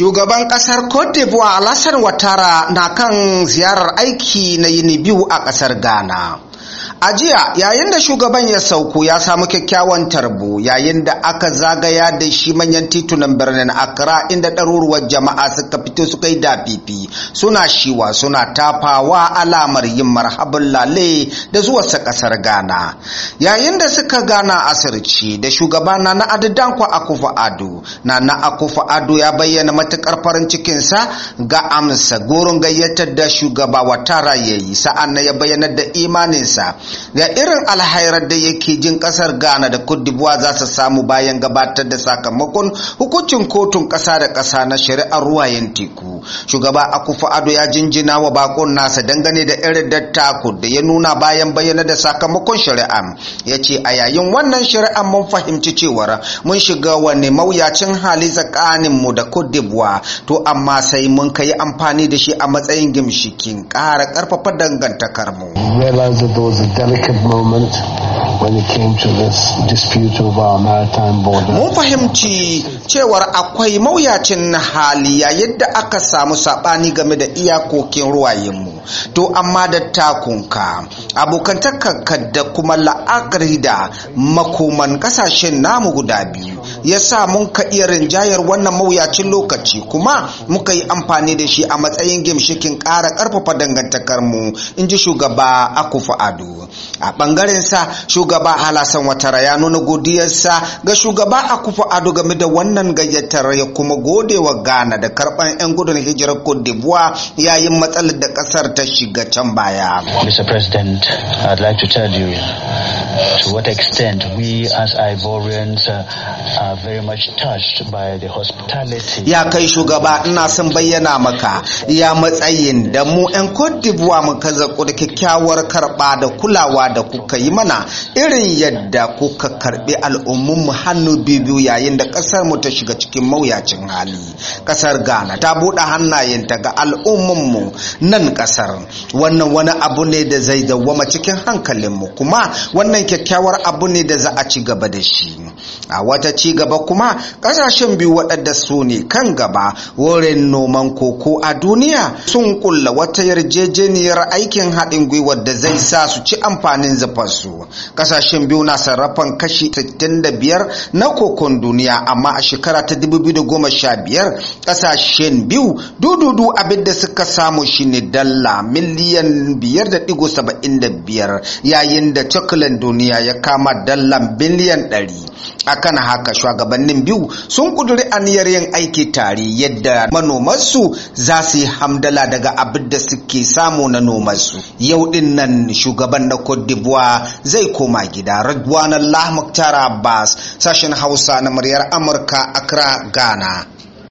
Shugaban ƙasar Cote d'Ivoire Alassane Ouattara na kan ziyarar aiki na yini biyu a ƙasar Ghana. A jiya yayin da shugaban ya sauko ya samu kyakkyawan tarbo yayin da aka zagaya da shi manyan titunan birnin Accra inda ɗaruruwar jama'a suka fito suka yi dafifi suna shiwa suna tafawa alamar yin marhabin lale da zuwa sa ƙasar Ghana. Yayin da suka gana asirci da shugaba na na Adudanko Akufo Ado na na Ado ya bayyana matuƙar farin cikinsa ga amsa gurin gayyatar da shugaba wata ya yi sa'an ya bayyana da imaninsa ga irin alhairar da yake jin kasar ghana da Kudubuwa za su samu bayan gabatar da sakamakon hukuncin kotun kasa da kasa na shari'ar ruwayen teku shugaba akufa ado ya jinjina wa bakon nasa dangane da irin dattako da ya nuna bayan bayyana da sakamakon shari'a ya ce a yayin wannan shari'a mun fahimci cewar mun shiga wani mawuyacin hali tsakanin mu da Kudubuwa, to amma sai mun kai amfani da shi a matsayin gimshikin ƙara ƙarfafa dangantakar mu. delicate moment when it came to this dispute over our maritime border. Mun fahimci cewar akwai mawuyacin na hali ya yadda aka samu sabani game da iyakokin ruwayenmu. To amma da takunka, abokantakarka da kuma la'akari da makoman kasashen namu guda biyu. ya sa mun ka iya rinjayar wannan mawuyacin lokaci kuma muka yi amfani da shi a matsayin gimshikin ƙara ƙarfafa dangantakar mu in ji shugaba kufa ado a ɓangaren sa shugaba halasan watara ya nuna godiyarsa ga shugaba a kufa ado game da wannan gayyatar ya kuma gode wa ghana da karɓan 'yan gudun hijirar cote d'ivoire yayin matsalar da ƙasar ta shiga can baya. Mr. President, I'd like to tell you to what extent we as Ivorians uh, are very much touched by the hospitality. Ya kai shugaba ina son bayyana maka ya matsayin da mu 'yan Cote d'Ivoire muka zaƙo da kyakkyawar karɓa da kulawa da kuka yi mana irin yadda kuka karɓi al'ummunmu hannu biyu yayin da ƙasar mu ta shiga cikin mawuyacin hali. Ƙasar Ghana ta buɗe hannayenta ga al'ummunmu nan ƙasar. Wannan wani abu ne da zai dawwama cikin hankalinmu kuma wannan kyakkyawar abu ne da za a ci gaba da shi a wata ci gaba kuma kasashen biyu waɗanda su ne kan gaba wurin noman koko a duniya sun kulla wata yarjejeniyar aikin haɗin gwiwar da zai sa su ci amfanin zafarsu kasashen biyu na sarrafan kashi 65 na kokon duniya amma a shekara ta 2015 kasashen biyu dududu abin da suka samu shi ne dala miliyan 5.75 yayin da cakulan duniya ya kama dala biliyan 100 akan haka shugabannin biyu sun kuduri aniyar yin aiki tare yadda manomansu za su yi hamdala daga abin da suke samu na nomansu yau din nan shugaban na cote d'ivoire zai koma gida radwan allah muktar abbas sashen hausa na muryar amurka accra ghana